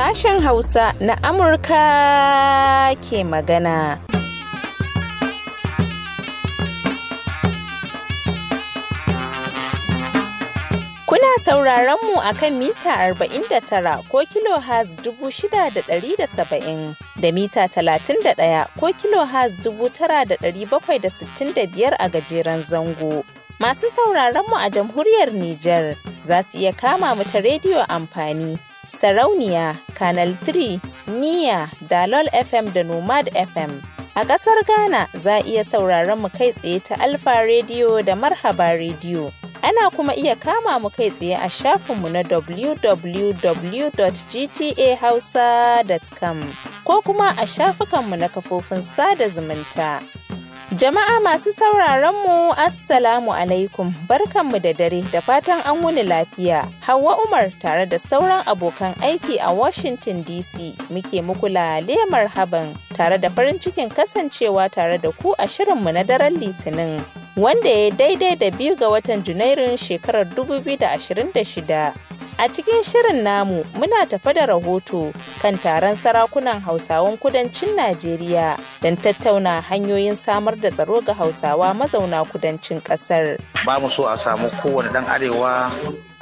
sashen Hausa na Amurka ke magana. Kuna sauraron mu a kan mita 49 ko kilohaz 6,670 da mita 31 ko kilohaz 9,765 a gajeren zango. Masu sauraron mu a jamhuriyar Nijar za su iya kama mu ta rediyo amfani. Sarauniya, Canal 3, Niya, Dalol FM da Nomad FM. A ƙasar Ghana za a iya sauraron mu kai tsaye ta Alfa Radio da Marhaba Radio. Ana kuma iya kama mu kai tsaye a shafinmu na www.gtahausa.com ko kuma a shafukanmu na kafofin sada zumunta. Jama'a masu sauraron mu Assalamu alaikum barkanmu da dare da fatan an wuni lafiya. Hauwa Umar tare da sauran abokan aiki a Washington DC muke muku lemar haban tare da farin cikin kasancewa tare da ku a shirinmu na daren Litinin. Wanda ya daidai da biyu ga watan Junairun shekarar 2026. A cikin shirin namu muna tafa da rahoto kan taron sarakunan Hausawan kudancin Najeriya don tattauna hanyoyin samar da tsaro ga Hausawa mazauna kudancin ƙasar. Ba mu so a samu kowane ɗan arewa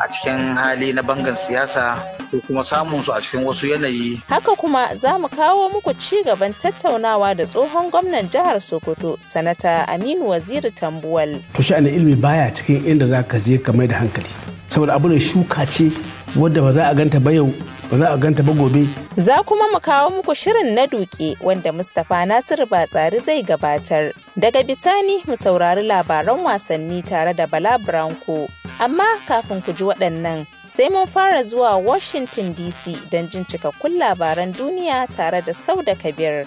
a cikin hali na bangan siyasa ko kuma samun su a cikin wasu yanayi. Haka kuma za mu kawo muku ci gaban tattaunawa da tsohon gwamnan jihar Sokoto, Sanata Aminu Waziri Tambuwal. To sha'anin ilimi baya cikin inda za ka je ka mai da hankali. Saboda abu ne shuka ce wadda ba za a ganta ba yau ba za a ganta ba gobe. Za kuma mu kawo muku shirin na duke wanda Mustapha Nasiru Batsari zai gabatar. Daga bisani mu saurari labaran wasanni tare da Bala Branko. Amma kafin ku ji waɗannan sai mun fara zuwa Washington DC don jin cikakkun labaran duniya tare da sau da Kabir.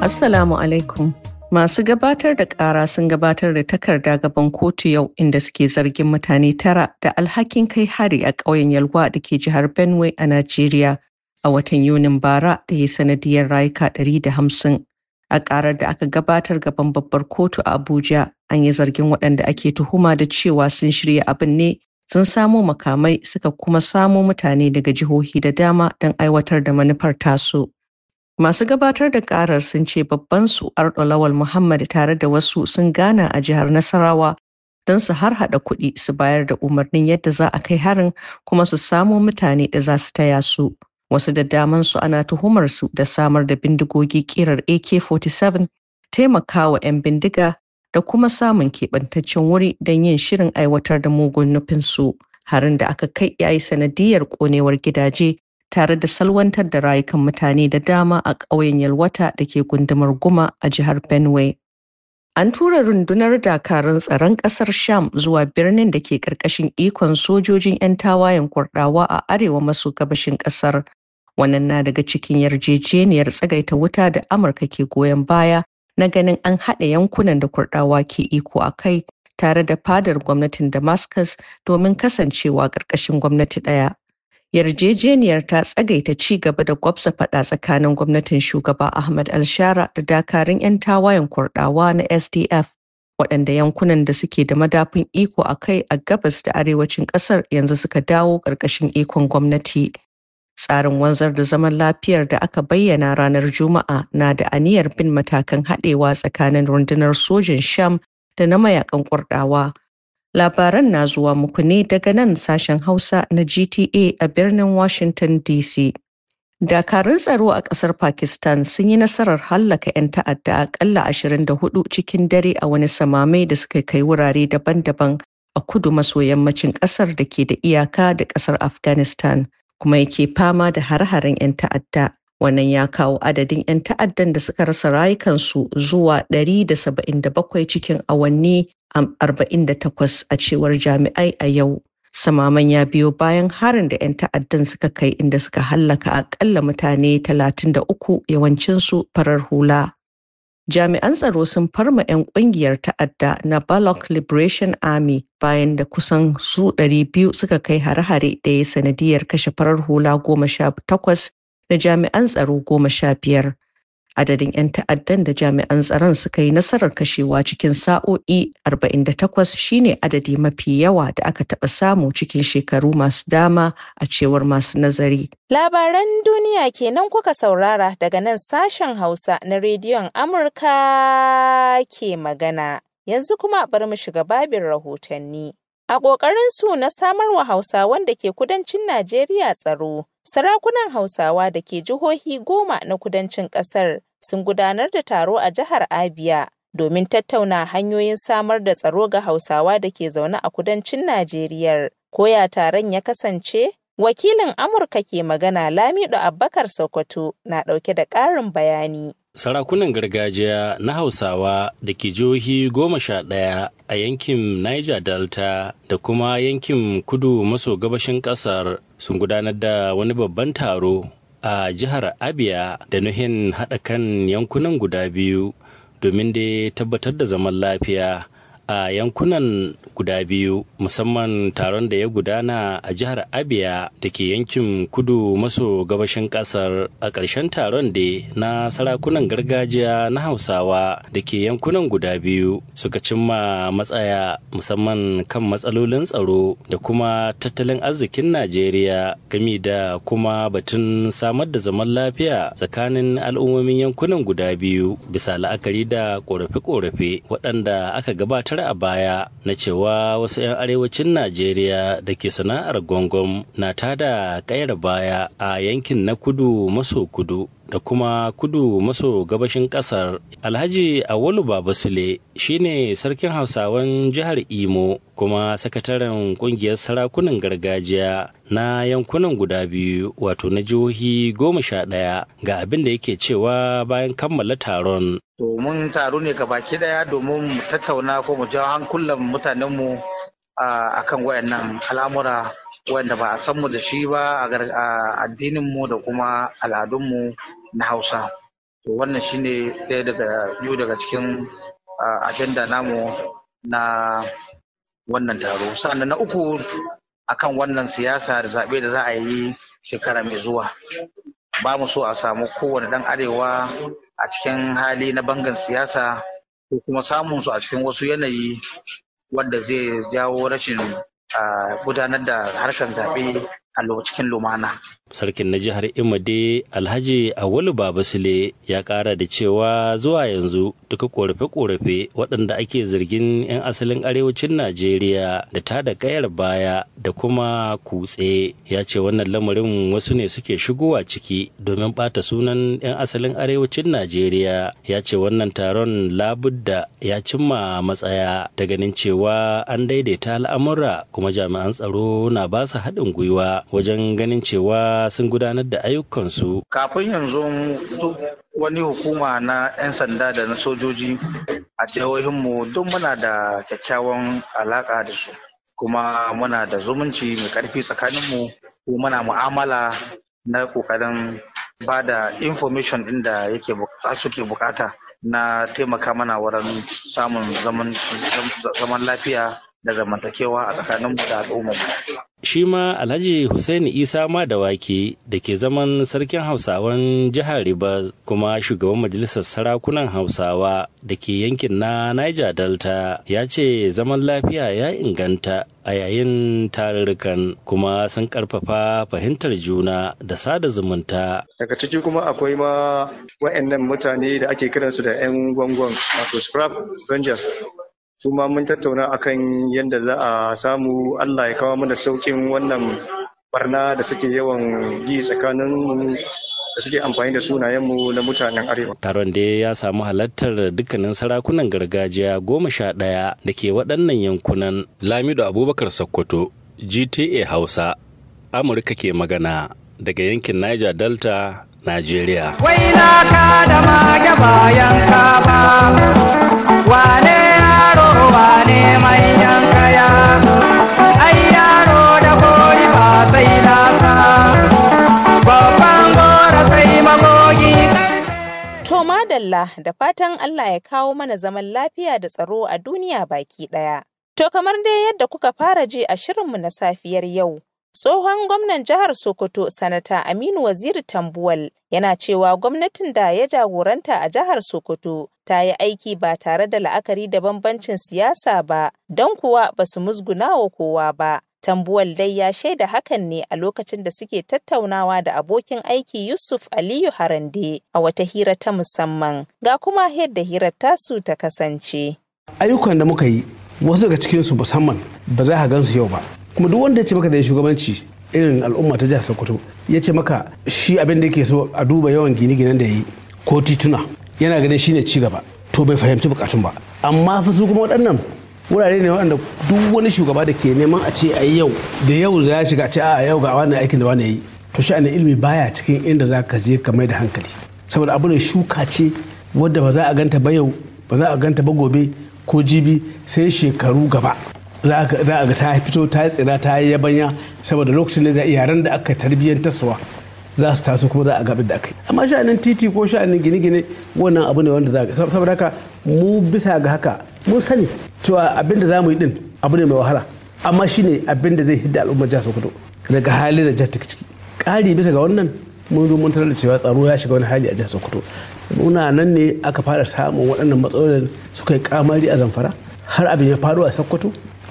Assalamu alaikum. Masu gabatar da ƙara sun gabatar da takarda gaban kotu yau inda suke zargin mutane tara da alhakin kai hari a ƙauyen Yalwa da ke jihar Benue a Najeriya a watan Yunin bara da ya sanadiyar rayuka 150. a ƙarar da aka gabatar gaban babbar kotu a abuja an yi zargin waɗanda ake tuhuma da cewa sun shirya abin ne sun samo makamai suka kuma samo mutane daga jihohi da dama don aiwatar da manufar tasu masu gabatar da karar sun ce babban su ardo lawal muhammad tare da wasu sun gana a jihar nasarawa don su har hada kuɗi su bayar da umarnin yadda za a kai harin kuma su samo mutane da za su taya su wasu da damansu ana tuhumar su da samar da bindigogi kirar ak-47 taimakawa 'yan bindiga da kuma samun keɓantaccen wuri don yin shirin aiwatar da mugun nufinsu harin da aka kai ya yi sanadiyar konewar gidaje tare da salwantar da rayukan mutane da dama a ƙauyen yalwata da ke gundumar guma a jihar benue an tura rundunar dakarun tsaron ƙasar sham zuwa birnin da ke ƙarƙashin ikon sojojin 'yan tawayen kurɗawa a arewa maso gabashin ƙasar Wannan na daga cikin yarjejeniyar tsagaita wuta da Amurka ke goyon baya na ganin an haɗa yankunan da Kurɗawa ke iko a kai tare da fadar gwamnatin Damascus domin kasancewa ƙarƙashin gwamnati ɗaya. Yarjejeniyar ta tsagaita ci gaba da gwabza faɗa tsakanin gwamnatin shugaba Ahmad Alshara da dakarun 'yan tawayen Kurɗawa na SDF waɗanda yankunan da suke da madafin iko a kai a gabas da arewacin ƙasar yanzu suka dawo ƙarƙashin ikon gwamnati. Tsarin wanzar da zaman lafiyar da aka bayyana ranar Juma'a na da aniyar bin matakan haɗewa tsakanin rundunar sojin Sham da na mayakan kurdawa Labaran na zuwa muku ne daga nan sashen Hausa na GTA a birnin Washington DC. Dakarun tsaro a ƙasar Pakistan sun yi nasarar hallaka 'yan ta'adda aƙalla 24 cikin dare a wani samamai da suka kai wurare daban-daban a kudu maso yammacin ƙasar da ke da iyaka da ƙasar Afghanistan. kuma yake fama da har-haren 'yan ta'adda wannan ya kawo adadin 'yan ta'addan da suka rasa rayukansu zuwa 177 cikin awanni 48 a cewar jami'ai a yau samaman ya biyo bayan harin da 'yan ta'addan suka kai inda suka hallaka akalla mutane 33 yawancinsu farar hula Jami'an tsaro sun farma 'yan kungiyar ta'adda na Balok Liberation Army bayan da kusan su 200 suka kai hare-hare da ya sanadiyar kashe farar hula goma na jami'an tsaro 15. adadin 'yan ta'addan da jami'an tsaron suka yi nasarar kashewa cikin sa'o'i 48 shine adadi mafi yawa da aka taɓa samu cikin shekaru masu dama a cewar masu nazari. Labaran duniya kenan kuka saurara daga nan sashen Hausa na rediyon Amurka ke magana. Yanzu kuma bari mu shiga babin rahotanni. A ƙoƙarinsu na wa Hausawan da ke kudancin Najeriya tsaro, sarakunan Hausawa da ke jihohi goma na kudancin ƙasar sun gudanar da taro a jihar Abia domin tattauna hanyoyin samar da tsaro ga Hausawa da ke zaune a kudancin Najeriyar. Koya taron ya kasance? Wakilin Amurka ke magana Lamido Abbakar Sokoto na ɗauke da ƙarin bayani. sarakunan gargajiya na hausawa da ke jihohi goma sha ɗaya a yankin niger delta da kuma yankin kudu maso gabashin ƙasar sun gudanar da wani babban taro a jihar abia da nuhin haɗa kan yankunan guda biyu domin dai tabbatar da zaman lafiya a yankunan guda biyu musamman taron da ya gudana a jihar abia da ke yankin kudu maso gabashin kasar a ƙarshen taron da na sarakunan gargajiya na hausawa da ke yankunan guda biyu suka cimma matsaya musamman kan matsalolin tsaro da kuma tattalin arzikin najeriya gami da kuma batun samar da zaman lafiya tsakanin al'ummomin yankunan guda biyu bisa la'akari da ƙorafe-ƙorafe waɗanda aka gabatar shekara a baya na cewa wasu 'yan arewacin Najeriya da ke sana'ar gwangwam na tada kayar baya a yankin na kudu maso kudu da kuma kudu maso gabashin kasar alhaji awalu babasule shine sarkin hausawan jihar imo kuma sakataren kungiyar sarakunan gargajiya na yankunan guda biyu wato na jihohi goma sha ɗaya ga abin da yake cewa bayan kammala taron domin taro ne baki daya domin mu tattauna ko mu ja hankulan mutanenmu a kan wayannan al'amura wanda ba a san mu da shi ba a addininmu da kuma al'adunmu na hausa to wannan shine ɗaya daga biyu daga cikin ajanda namu na wannan taro sannan na uku akan wannan siyasa da zaɓe da za a yi shekara mai zuwa ba mu so a samu kowane dan arewa a cikin hali na bangan siyasa ko kuma samun su a cikin wasu yanayi wanda zai jawo rashin gudanar da harkar zaɓe a cikin lumana sarkin na jihar imade alhaji awolu babasile ya kara da cewa zuwa yanzu duka korafe-korafe waɗanda ake zargin 'yan asalin arewacin najeriya da ta da kayar baya da kuma kutse ya ce wannan lamarin wasu ne suke shigowa ciki domin ɓata sunan 'yan asalin arewacin najeriya ya ce wannan taron labudda ya cimma matsaya da ganin cewa an daidaita al'amura kuma jami'an tsaro na ba haɗin gwiwa wajen ganin cewa sun gudanar da ayyukansu. Kafin yanzu duk wani hukuma na 'yan sanda da na sojoji a jihohinmu duk muna da kyakkyawan alaƙa da su. Kuma muna da zumunci mai ƙarfi tsakaninmu ko muna mu'amala na ƙoƙarin ba da information ɗin da suke bukata na taimaka mana wurin samun zaman lafiya da zamantakewa a tsakaninmu da al'ummarmu. shi ma alhaji Hussaini isa ma da wake da ke zaman sarkin hausawan jihar ribas kuma shugaban majalisar sarakunan hausawa da ke yankin na niger delta ya ce zaman lafiya ya inganta a yayin tarurrukan kuma sun karfafa fahimtar juna da sada zumunta daga ciki kuma akwai ma wa'annan mutane da ake kiransu da 'yan gwangwan wato scrap kuma mun tattauna akan yadda za a samu Allah ya kawo mana saukin wannan barna da suke yawan yi tsakanin da suke amfani da sunayenmu na mutanen arewa. Taron da ya samu halartar dukkanin sarakunan gargajiya goma sha ɗaya da ke waɗannan yankunan. Lamido Abubakar Sokoto, GTA Hausa, Amurka ke magana daga yankin Niger Delta, Najeriya. Wai na ka da bayan ka ba, Allah da fatan Allah ya kawo mana zaman lafiya da tsaro a duniya baki ɗaya. To kamar dai yadda kuka fara ji a shirinmu na safiyar yau, Tsohon gwamnan jihar Sokoto, Sanata Aminu Waziri Tambuwal, yana cewa gwamnatin da ya jagoranta a jihar Sokoto ta yi aiki ba tare da la'akari da bambancin siyasa ba, don kuwa ba su musgunawa kowa ba. Tambuwal dai ya shaida hakan ne a lokacin da suke tattaunawa da abokin aiki Yusuf Aliyu Harande a wata hira ta musamman. Ga kuma yadda hirar tasu ta kasance. Ayyukan da muka yi wasu daga cikinsu musamman ba za ka gansu yau ba kuma duk wanda ya ce maka da shugabanci irin al'umma ta jihar sokoto ya ce maka shi abin da yake so a duba yawan gine-ginen da ya yi ko tituna yana ganin shine ci gaba to bai fahimci bukatun ba amma fa su kuma waɗannan wurare ne waɗanda duk wani shugaba da ke neman a ce a yau da yau za ya shiga ce a yau ga wani aikin da wani ya yi to sha'anin ilimi baya cikin inda za ka je ka mai da hankali saboda abu ne shuka ce wadda ba za a ganta ba yau ba za a ganta ba gobe ko jibi sai shekaru gaba za a ga ta fito ta yi tsira ta yi yabanya saboda lokacin da yaran da aka tarbiyyar tasowa za su taso kuma za a gabin da aka yi amma sha'anin titi ko sha'anin gine-gine wannan abu ne wanda za a saboda haka mu bisa ga haka mun sani cewa abin da za mu yi din abu ne mai wahala amma ne abin da zai hidda al'umma jihar sokoto daga hali da jihar ciki ƙari bisa ga wannan mun zo mun tarar da cewa tsaro ya shiga wani hali a jihar sokoto muna nan ne aka fara samun waɗannan matsalolin suka yi kamari a zamfara har abin ya faru a sokoto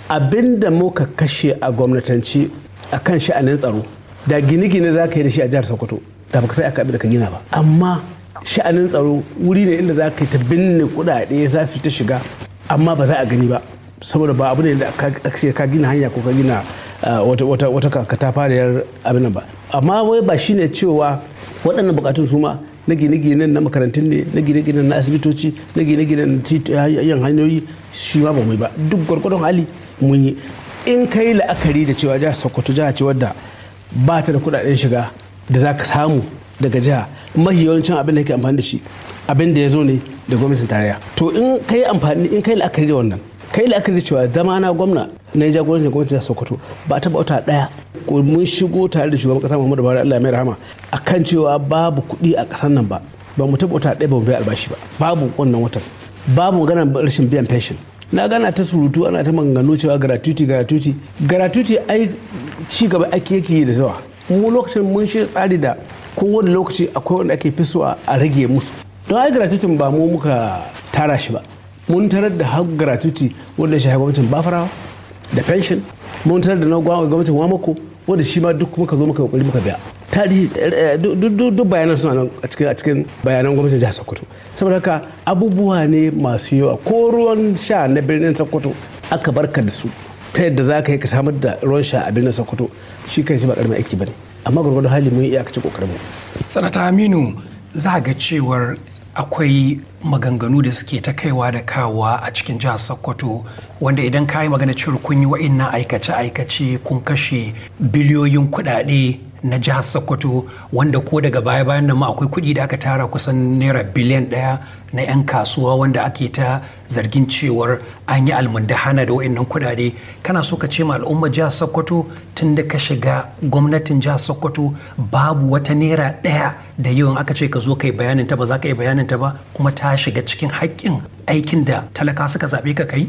abin da muka kashe a gwamnatanci a kan sha'anin tsaro da gine-gine za ka yi da shi a jihar sokoto da baka sai aka abin da ka gina ba amma sha'anin tsaro wuri ne inda za ka yi ta binne kuɗaɗe za su ta shiga amma ba za a gani ba saboda ba abu ne da ka gina hanya ko ka gina ah, wata katafariyar abin nan ba amma wai ba shine cewa waɗannan bukatun su ma na gine gine na makarantun ne na gine gine na asibitoci na gine gine na hanyoyi shi ma ba mai ba duk gwargwadon hali mun yi in ka yi la'akari da cewa jihar sokoto jiha ce wadda ba ta da kudaden shiga da za ka samu daga jiha mahi yawancin abin da ke amfani da shi abin da ya zo ne da gwamnatin tarayya to in ka yi amfani in ka yi la'akari da wannan ka yi la'akari da cewa zama na gwamna na yi jagorancin gwamnatin jihar sokoto ba ta bauta daya ko mun shigo tare da shugaban kasa muhammadu buhari allah mai rahama akan cewa babu kuɗi a ƙasar nan ba ba mu taɓa wata ɗaya ba mu bai albashi ba babu wannan watan babu maganar rashin biyan fashin na gana ta surutu ana ta mangano cewa gratuity gratuity gratuity ai ci gaba ake yake da zawa mu lokacin mun shi tsari da kowane lokaci akwai wanda ake fiswa a rage musu don ai gratuity ba mu muka tara shi ba mun tarar da har gratuity wanda shi mutum ba farawa da pension mun tarar da na gwamnatin wamako wanda shi ma duk muka zo muka kokari muka biya tarihi eh, duk bayanan suna nan a cikin bayanan gwamnatin jihar sokoto saboda haka abubuwa ne masu yawa ko ruwan sha na birnin sokoto aka barka da su ta yadda za ka yi ka samar da ruwan sha a birnin sokoto shi kan shi ba karamin aiki ba ne amma gwargwadon hali mun yi iyakacin kokarin mu sanata aminu za ga cewar akwai maganganu da suke ta kaiwa da kawa a cikin jihar sokoto wanda idan ka yi magana cewar kun yi wa'in aikace-aikace kun kashe biliyoyin kuɗaɗe na jihar sokoto wanda ko daga baya bayan nan ma akwai kuɗi da aka tara kusan naira biliyan ɗaya na 'yan kasuwa wanda ake ta zargin cewar an yi almundahana da wa'annan kuɗaɗe kana so ka ce ma al'ummar jihar sokoto tun da ka shiga gwamnatin jihar sokoto babu wata naira ɗaya da yawan aka ce ka zo kai bayanin ta ba za ka yi bayanin ta ba kuma ta shiga cikin haƙƙin aikin da talaka suka zaɓe ka kai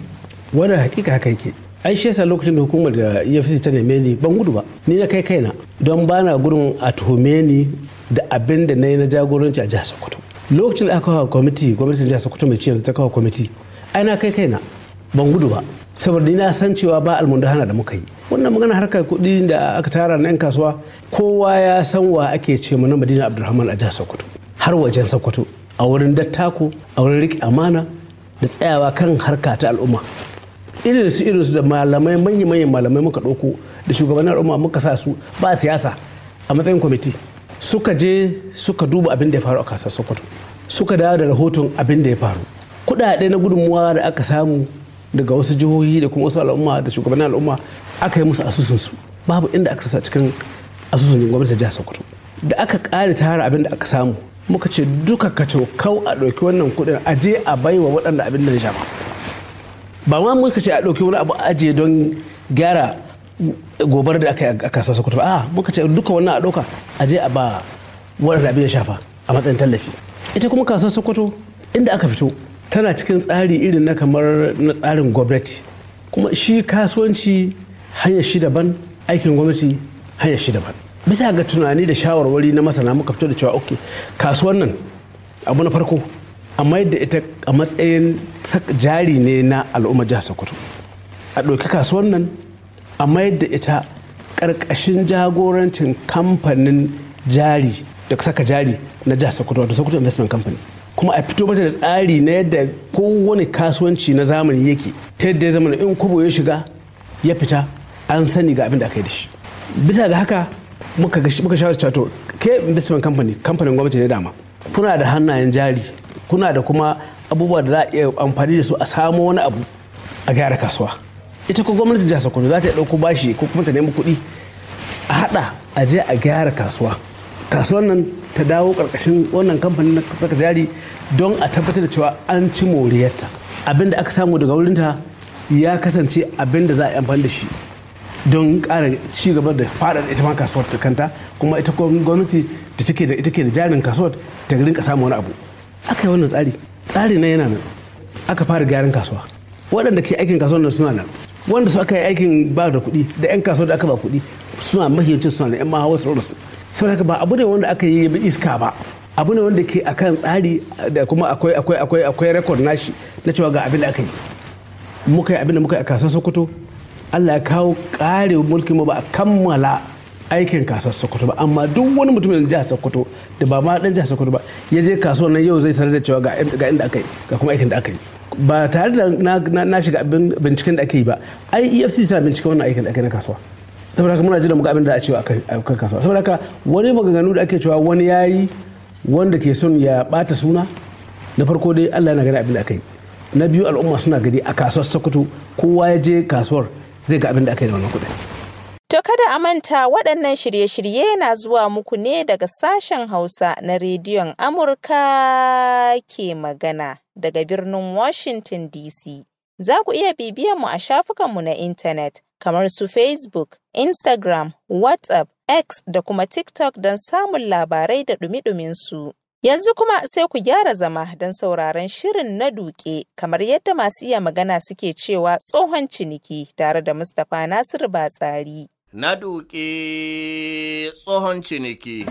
wannan hakika haka yake ai shi yasa lokacin da hukumar da efcc ta neme ni ban gudu ba ni na kai kaina don bana na gurin a tuhume ni da abin da na yi na jagoranci a jihar sokoto lokacin da aka kawo kwamiti gwamnatin jihar sokoto mai ciyar ta kawo kwamiti ai na kai kaina ban gudu ba saboda na san cewa ba almundu hana da muka yi wannan magana harkar kuɗi da aka tara na 'yan kasuwa kowa ya san wa ake ce na madina abdulrahman a jihar sokoto har wajen sokoto a wurin dattako a wurin riƙe amana da tsayawa kan harka ta al'umma irin su irin su da malamai manya malamai muka ɗauko da shugabannin al'umma muka sa su ba siyasa a matsayin kwamiti suka je suka duba abin da ya faru a kasar sokoto suka dawo da rahoton abin da ya faru kuɗaɗe na gudunmuwa da aka samu daga wasu jihohi da kuma wasu al'umma da shugabannin al'umma aka yi musu asusun su babu inda aka sa cikin asusun gwamnati jihar sokoto da aka ƙare tara abin da aka samu muka ce duka ka cokau a ɗauki wannan kuɗin a je a baiwa waɗanda abin da ya shafa ba ma muka ce a ɗauki wani abu aje don gyara gobar da aka yi a kasuwar sokoto a muka ce duka wannan a ɗauka aje a ba wani abin ya shafa a matsayin tallafi ita kuma kasuwar sokoto inda aka fito tana cikin tsari irin na kamar na tsarin gwamnati kuma shi kasuwanci hanyar shi daban aikin gwamnati hanyar shi daban bisa ga tunani da shawarwari na masana muka fito da cewa ok kasuwan nan abu na farko amma yadda ita a matsayin jari ne na al'ummar jihar sokoto a ɗauki kasuwar nan a mayar da ita ƙarƙashin jagorancin kamfanin jari da saka jari na jihar sokoto wato sokoto investment company kuma a fito mata da tsari na yadda kowane kasuwanci na zamani yake ta yadda ya zama in kubo ya shiga ya fita an sani ga abin da aka yi da shi bisa ga haka muka muka shawarci to ke investment company kamfanin gwamnati ne dama kuna da hannayen jari kuna da kuma abubuwa da za a iya amfani da su a samo wani abu a gyara kasuwa ita ko gwamnati jihar sokoto za ta dauko bashi ko kuma ta nemi kuɗi a haɗa a je a gyara kasuwa kasuwar nan ta dawo karkashin wannan kamfanin na saka jari don a tabbatar da cewa an ci moriyarta abinda aka samu daga wurin ta ya kasance abinda za a yi amfani da shi don ƙara ci gaba da faɗaɗa ita ma kasuwar ta kanta kuma ita gwamnati da take da jarin kasuwar ta rinka samun wani abu aka yi wannan tsari tsari na yana nan aka fara gyaran kasuwa waɗanda ke aikin kasuwa nan suna nan wanda su aka yi aikin ba da kuɗi da 'yan kasuwa da aka ba kuɗi suna mahiyancin suna nan 'yan mahawa su rurusu saboda haka ba abu ne wanda aka yi iska ba abu ne wanda ke akan tsari da kuma akwai akwai akwai akwai rekod nashi na cewa ga abin da aka yi muka yi abin da muka yi a kasuwar sokoto allah ya kawo ƙarin mulkin mu ba a kammala aikin kasar sokoto ba amma duk wani mutum da jihar sokoto da ba ma dan jihar sokoto ba ya je kasuwar nan yau zai sanar da cewa ga inda aka yi ga kuma aikin da aka yi ba tare da na shiga binciken da aka yi ba ai efcc tana binciken wannan aikin da aka yi na kasuwa saboda haka muna jira muga abin da a cewa akan kasuwa saboda haka wani maganganu da ake cewa wani ya yi wanda ke son ya bata suna na farko dai allah yana gani abin da aka yi na biyu al'umma suna gani a kasuwar sokoto kowa ya je kasuwar zai ga abin da aka yi da wannan kuɗin To kada a manta waɗannan shirye-shirye na zuwa muku ne daga sashen Hausa na rediyon Amurka ke magana daga birnin Washington DC. Za ku iya bibiyanmu mu a shafukanmu na intanet kamar su Facebook, Instagram, WhatsApp, X da kuma TikTok don samun labarai da ɗumi su. Yanzu kuma sai ku gyara zama don sauraron shirin na duke kamar yadda masu iya magana suke cewa tsohon ciniki tare da Mustapha Nasiru Batsari. na duƙe tsohon ciniki.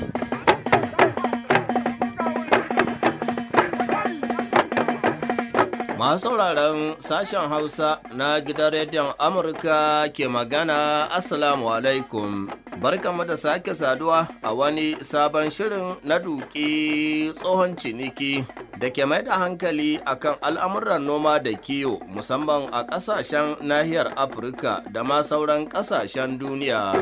Masu sauraron sashen Hausa na gidan rediyon Amurka ke magana asalamu alaikum. Barkanmu da sake saduwa a wani sabon shirin na duki tsohon ciniki da ke mai da hankali akan al'amuran noma da kiwo musamman a ƙasashen nahiyar Afirka da ma sauran ƙasashen duniya.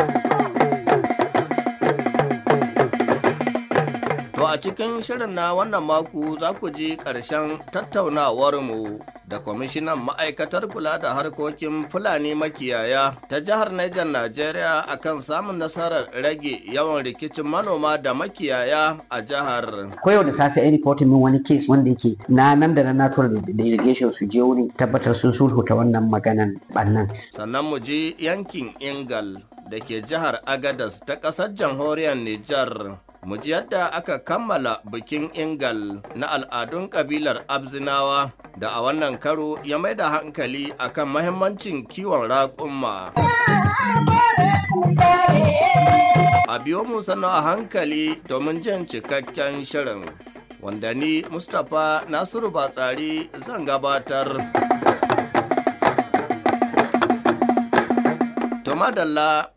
a cikin shirin na wannan mako za ku ji ƙarshen tattaunawarmu da kwamishinan ma'aikatar kula da harkokin Fulani makiyaya ta jihar Niger Najeriya akan samun nasarar rage yawan rikicin manoma da makiyaya a jihar. Koyau da safe ai reporting min wani case wanda yake na nan da na natural da su je wuri tabbatar sun sulhu ta wannan maganan bannan. Sannan mu je yankin Ingal da ke jihar Agadas ta ƙasar jamhuriyar Nijar. mu ji yadda aka kammala bikin ingal na al'adun kabilar abzinawa da a wannan karo ya mai da hankali akan mahimmancin kiwon raƙumma a biyo mu sannu a hankali domin jin cikakken shirin wanda ni mustapha nasiru batsari zan gabatar madalla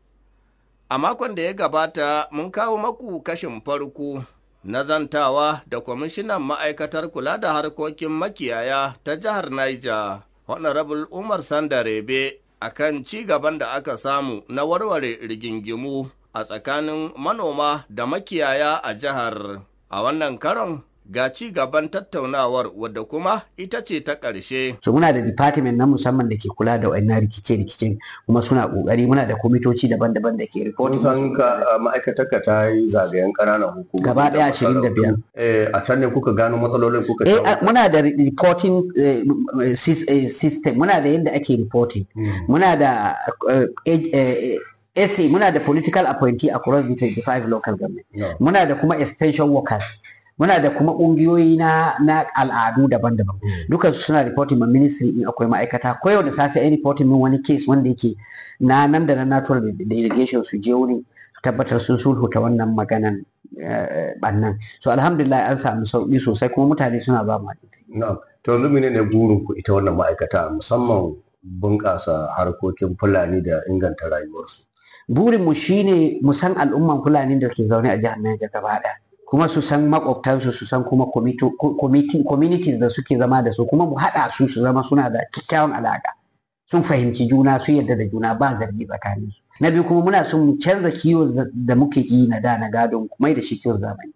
A makon da ya gabata mun kawo maku kashin farko na zantawa da kwamishinan ma'aikatar kula da harkokin makiyaya ta jihar Niger, Honorable Umar Sandarebe, a kan gaban da aka samu na warware rigingimu a tsakanin manoma da makiyaya a jihar. A wannan karon ga ci gaban tattaunawar wadda kuma ita ce ta ƙarshe. So muna da department na musamman da ke kula da waina rikice-rikicen kuma suna ƙoƙari muna da kwamitoci daban-daban da ke reporting. Kun san ma'aikatarka ta yi zagayen ƙananan hukumomi. Gaba ɗaya ashirin da biyar. Eh, a can ne kuka gano matsalolin kuka eh, shawo. Muna da reporting eh, system muna da yadda ake reporting. Hmm. Muna da SA muna da political appointee across the 25 local government. Muna da kuma extension workers. muna da kuma ƙungiyoyi na al'adu daban-daban mm. dukan suna reporting ma ministry in akwai ma'aikata ko yau da safe ai reporting min wani case wanda yake na nan da na natural delegation su je wurin tabbatar sun sulhu ta wannan maganan bannan eh, so alhamdulillah an samu sauki sosai kuma mutane suna ba mu to lumi ne ne burin ku ita wannan ma'aikata musamman bunƙasa harkokin fulani da inganta rayuwarsu burin mu shine mu san al'umman fulani da ke zaune a jihar Niger gaba daya kuma su san makwabtansu su san kuma communities da suke zama da su kuma mu haɗa su su zama suna da kyakkyawan alaƙa sun fahimci juna su yadda da juna ba zargi tsakanin su na biyu kuma muna son canza kiwo da muke yi na da na gadon mai da shi kiwon zamani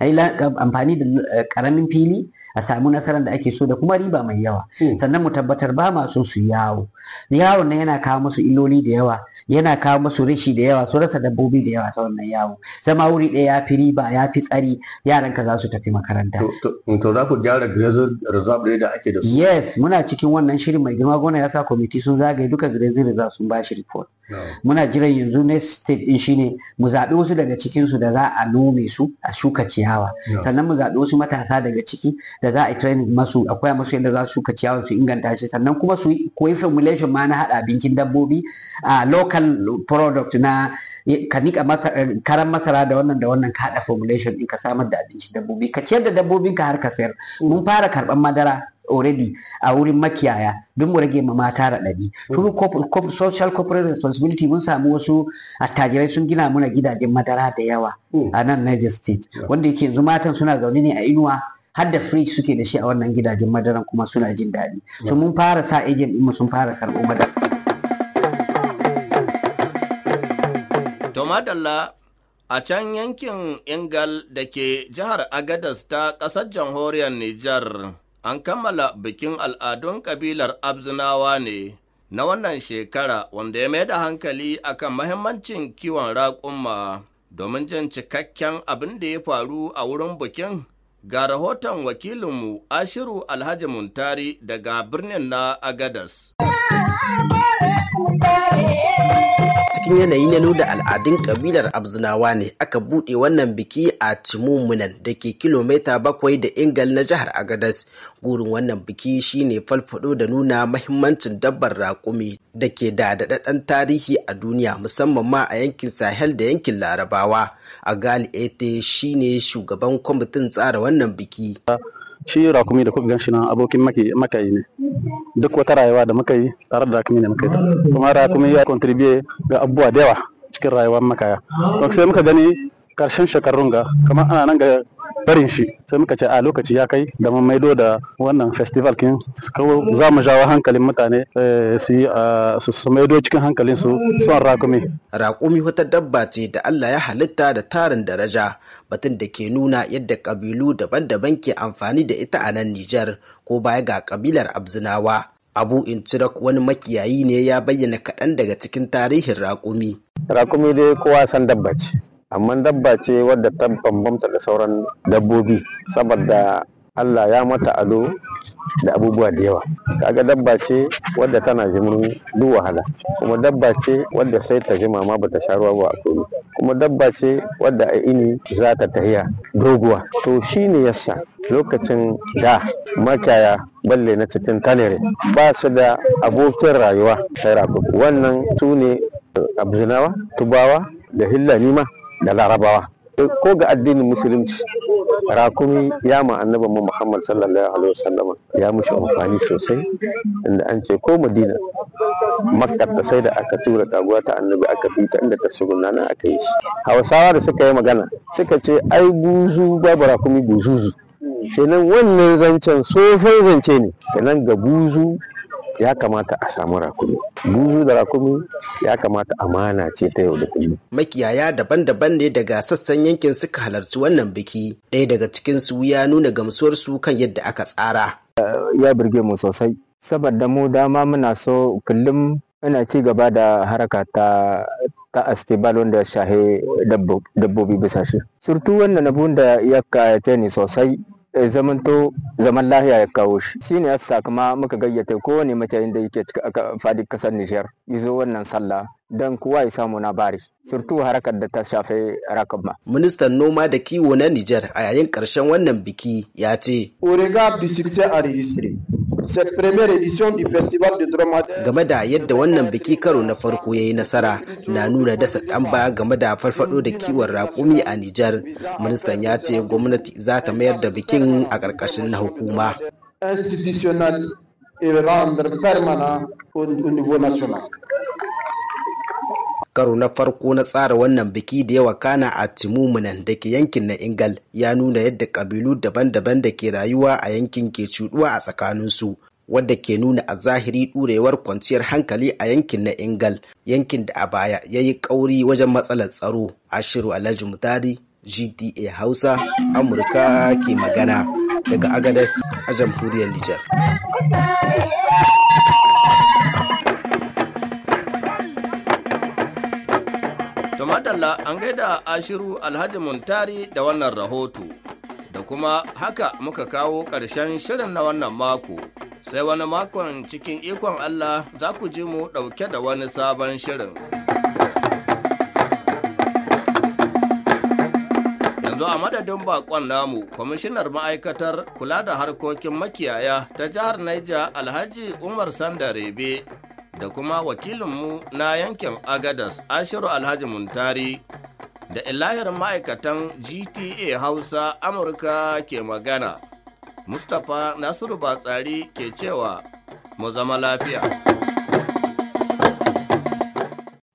ai amfani da karamin eh, fili a samu nasarar da ake so da kuma riba mai yawa hmm. sannan mu tabbatar ba ma so su yawo yawon nan yana kawo musu illoli da yawa yana kawo masu rishi da yawa su rasa dabbobi da yawa ta wannan yawo zama wuri ɗaya ya fi riba ya fi tsari yaran ka za su tafi makaranta to za ku gyara grazin reserve da ake da su yes muna cikin wannan shirin mai girma gona ya sa kwamiti sun zagaye duka grazin reserve sun ba shi report muna jiran yanzu na step din shine mu zaɓi wasu daga cikinsu da za a nome su a shuka ciyawa sannan mu zaɓi wasu matasa daga ciki da za a training masu akwai masu yadda za su shuka ciyawa su inganta shi sannan kuma su koyi formulation ma na haɗa abincin dabbobi a local product na ka nika eh, karan masara da wannan da wannan ka haɗa formulation din ka samar da abincin dabbobi ka ciyar da dabbobin ka har ka sayar mm. mun fara karɓan madara already a wurin makiyaya don mu rage ma mata raɗaɗi. Through mm. social corporate responsibility mun samu wasu attajirai sun gina muna gidajen madara da yawa mm. a nan Niger State wanda yake yanzu matan suna zaune ne a inuwa har da fridge suke da shi a wannan gidajen madaran kuma suna jin daɗi. So mun fara sa agent ɗin sun fara karɓo madara. To madalla a can yankin Ingal da ke jihar Agadas ta ƙasar jamhuriyar Nijar. an kammala bikin al'adun kabilar abzinawa ne na wannan shekara wanda ya mai da hankali akan mahimmancin kiwon raƙumma domin jin cikakken abin da ya faru a wurin bikin ga rahoton wakilinmu ashiru alhaji muntari daga birnin na agadas cikin yanayi na nuna al'adun kabilar abzinawa ne aka buɗe wannan biki a timumunan da ke kilomita bakwai da ingal na jihar agadas gurin wannan biki shine falfado da nuna mahimmancin dabbar raƙumi da ke da daɗaɗɗen tarihi a duniya musamman ma a yankin sahel da yankin larabawa a gali ete shine shugaban kwamitin tsara wannan biki shi rakumi da kuka ganshi nan abokin makayi ne duk wata rayuwa da muka yi tare da rakumi ne muka yi kuma rakumi ya contribute ga abubuwa da yawa cikin rayuwar makaya don sai muka gani karshen shekarun ga kamar ana nan ga barin shi sai muka ce a lokaci ya kai da mun maido da wannan festival kin za mu jawo hankalin mutane eh, su su maido cikin hankalin su son rakumi rakumi wata dabba ce da Allah ya halitta da tarin daraja batun da ke nuna yadda kabilu daban-daban ke amfani da ita a nan Nijar ko baya ga kabilar Abzinawa Abu Intirak wani makiyayi ne ya bayyana kaɗan daga cikin tarihin rakumi. Rakumi dai kowa san dabba ce. amma dabba ce wadda ta bambamta da sauran dabbobi saboda Allah ya mata ado da abubuwa da yawa kaga dabba ce wadda tana jimin duk wahala kuma dabba ce wadda sai ta jima ma bata sha ruwa ba a kuma dabba ce wadda a ini za ta tahiya doguwa to shine yasa lokacin da makiyaya balle na cikin tanere ba su da abokin rayuwa sai wannan su ne abzinawa tubawa da hillani ma da larabawa ko ga addinin musulunci rakumi ya ma annabi mu Muhammad sallallahu alaihi wasallam ya mushi amfani sosai inda an ce ko Madina Makka ta sai da aka tura taguwa ta annabi aka bi ta inda ta suguna nan aka yi shi Hausawa da suka yi magana suka ce ai buzu babu rakumi buzuzu kenan wannan zancen sofai zance ne kenan ga buzu ya kamata a samu rakumi buzu da rakumi ya kamata amana ce ta yau da kullum makiyaya daban-daban ne daga sassan yankin suka halarci wannan biki ɗaya daga cikin su ya nuna gamsuwar su kan yadda aka tsara eh, ya birge mu sosai saboda mu dama muna so kullum ina ci gaba da haraka ta ta astibal wanda shahe dabbobi bisa shi surtu wannan abun da ya kayace ni sosai to zaman lahiya ya kawo shi shi ne yasa kuma muka gayyata kowane mace da yake a fadi kasar Nijar yazo wannan sallah don kowa ya samu labari surtu harakar da ta shafe ma Ministan noma da kiwo na Nijar a yayin karshen wannan biki ya ce. Orega bisik a registry Game da yadda wannan biki karo na farko ya yi nasara na nuna dasa ɗan baya game da farfado da kiwon raƙumi a Nijar. Ministan ya ce gwamnati za ta mayar da bikin a ƙarƙashin na hukuma. Institutional et rendre karo na farko na tsara wannan biki da yawa kana a timumunan da ke yankin na ingal ya nuna yadda kabilu daban-daban da ke rayuwa a yankin ke cuɗuwa a tsakaninsu wadda ke nuna a zahiri ɗurewar kwanciyar hankali a yankin na ingal yankin da a baya ya yi ƙauri wajen matsalar tsaro ashiru alhaji mutari gda hausa amurka ke magana daga agadas a jamhuriyar nijar madalla an gaida ashiru alhaji muntari da wannan rahoto da kuma haka muka kawo ƙarshen shirin na wannan mako sai wani makon cikin ikon allah za ku ji mu ɗauke da wani sabon shirin yanzu a madadin bakon namu kwamishinar ma'aikatar kula da harkokin makiyaya ta jihar niger alhaji umar sandarebe da kuma wakilinmu na yankin agadas ashiru alhaji muntari da ilahir ma'aikatan gta hausa amurka ke magana mustapha nasiru batsari ke cewa mu zama lafiya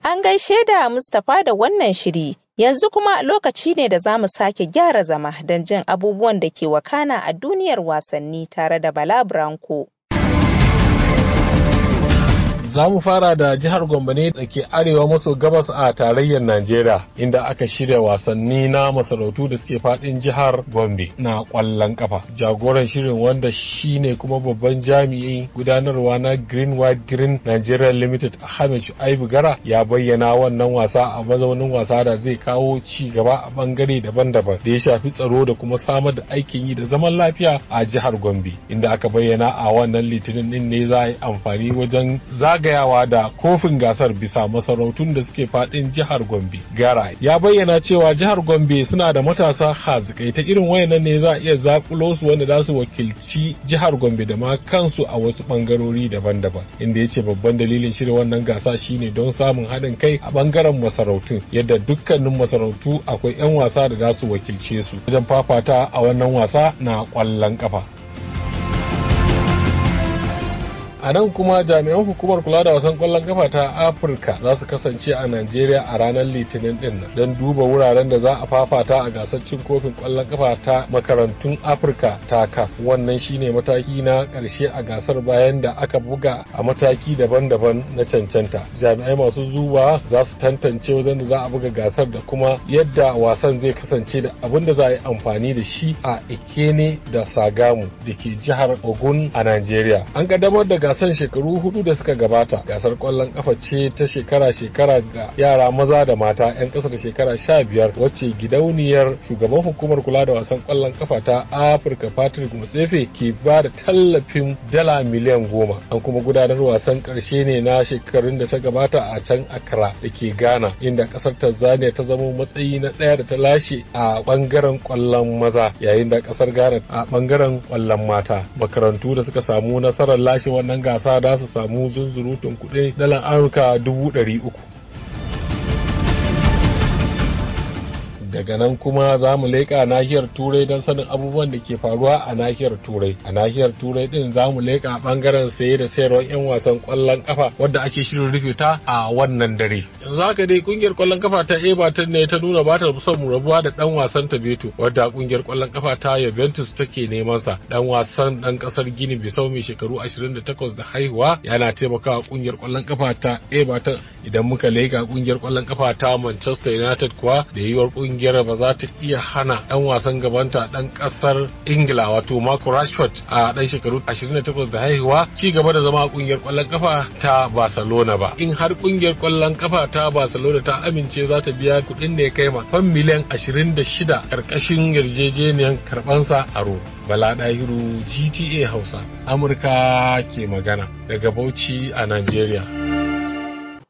an gaishe da mustapha da wannan shiri yanzu kuma lokaci ne da za mu sake gyara zama don jin abubuwan da ke wakana a duniyar wasanni tare da bala branko Za mu fara da jihar Gombe ne da ke arewa maso gabas a tarayyar Najeriya inda aka shirya wasanni na masarautu da suke fadin jihar Gombe na kwallon kafa. Jagoran shirin wanda shine kuma babban jami'in gudanarwa na Green White Green Nigeria Limited Ahmed Shu'aibu Gara ya bayyana wannan wasa a mazaunin wasa da zai kawo ci gaba a bangare daban-daban da ya shafi tsaro da kuma samar da aikin yi da zaman lafiya a jihar Gombe inda aka bayyana a wannan litinin ne za a yi amfani wajen zaga zagayawa da kofin gasar bisa masarautun da suke fadin jihar Gombe. Gara ya bayyana cewa jihar Gombe suna da matasa hazikai ta irin wayannan ne za a iya zakulo su wanda za su wakilci jihar Gombe da ma kansu a wasu bangarori daban-daban. Inda ya ce babban dalilin shirin wannan gasa shine don samun haɗin kai a bangaren masarautun yadda dukkanin masarautu akwai 'yan wasa da za su wakilce su wajen fafata a wannan wasa na ƙwallon ƙafa. a nan kuma jami'an hukumar kula da wasan kwallon kafa ta afirka za su kasance a najeriya a ranar litinin din don duba wuraren da za a fafata a gasar cin kofin kwallon kafa ta makarantun afirka ta ka wannan shine mataki na karshe a gasar bayan da aka buga a mataki daban-daban na cancanta jami'ai masu zuba za su tantance wajen da za a buga gasar da kuma yadda wasan zai kasance da abin da za a yi amfani da shi a ikene da sagamu da ke jihar ogun a najeriya an kaddamar da gasan shekaru hudu da suka gabata gasar kwallon kafa ce ta shekara-shekara ga yara maza da mata 'yan kasar shekara sha biyar wacce gidauniyar shugaban hukumar kula da wasan kwallon kafa ta afirka patrick mutsefe ke ba da tallafin dala miliyan goma an kuma gudanar wasan karshe ne na shekarun da ta gabata a can accra da ke ghana inda kasar tanzania ta zama matsayi na ɗaya da ta lashe a bangaren kwallon maza yayin da kasar ghana a bangaren kwallon mata makarantu da suka samu nasarar lashe wannan gasa za su samu zunzurutun kuɗi dalar amurka dubu ɗari uku daga nan kuma za mu leƙa nahiyar turai don sanin abubuwan da ke faruwa a nahiyar turai a nahiyar turai din za mu leƙa bangaren saye da sayarwar 'yan wasan ƙwallon kafa wadda ake shirin rufe ta a wannan dare yanzu haka dai kungiyar ƙwallon kafa ta everton ne ta nuna ba ta son rabuwa da dan wasan ta beto wadda kungiyar kwallon kafa ta juventus take neman sa dan wasan dan kasar gini bisau mai shekaru 28 da haihuwa yana taimakawa kungiyar kwallon kafa ta everton idan muka leƙa kungiyar kwallon kafa ta manchester united kuwa da yiwuwar kungiyar kungiyar ba za ta iya hana dan wasan gabanta dan kasar ingila wato marco rashford a dan shekaru 28 da haihuwa ci gaba da zama a kungiyar kwallon kafa ta barcelona ba in har kungiyar kwallon kafa ta barcelona ta amince za ta biya kudin ne kai ma fan miliyan 26 karkashin yarjejeniyar karbansa a ro bala dahiru gta hausa amurka ke magana daga bauchi a nigeria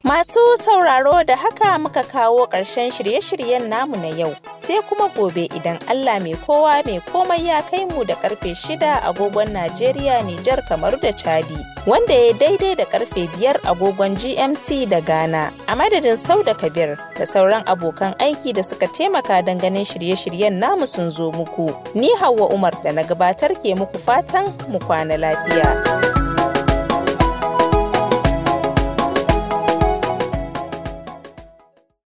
Masu sauraro da haka muka kawo ƙarshen shirye-shiryen namu na yau, sai kuma gobe idan Allah mai kowa mai komai ya kai mu da karfe shida agogon Najeriya, Nijar, Kamaru da Chadi, wanda ya daidai da karfe biyar agogon GMT da Ghana. A madadin sau da kabir da sauran abokan aiki da suka taimaka don ganin shirye-shiryen namu sun zo muku. Ni Hauwa Umar da na gabatar ke muku fatan mu kwana lafiya.